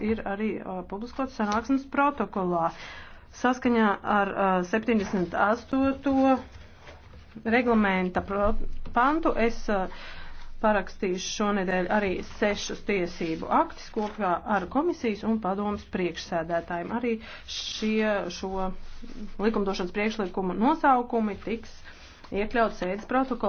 ir arī publiskots sanāksmes protokolā. Saskaņā ar 78. reglamenta pantu es parakstīšu šonedēļ arī sešus tiesību aktus kopā ar komisijas un padomas priekšsēdētājiem. Arī šie, šo likumdošanas priekšlikumu nosaukumi tiks iekļauts sēdes protokolā.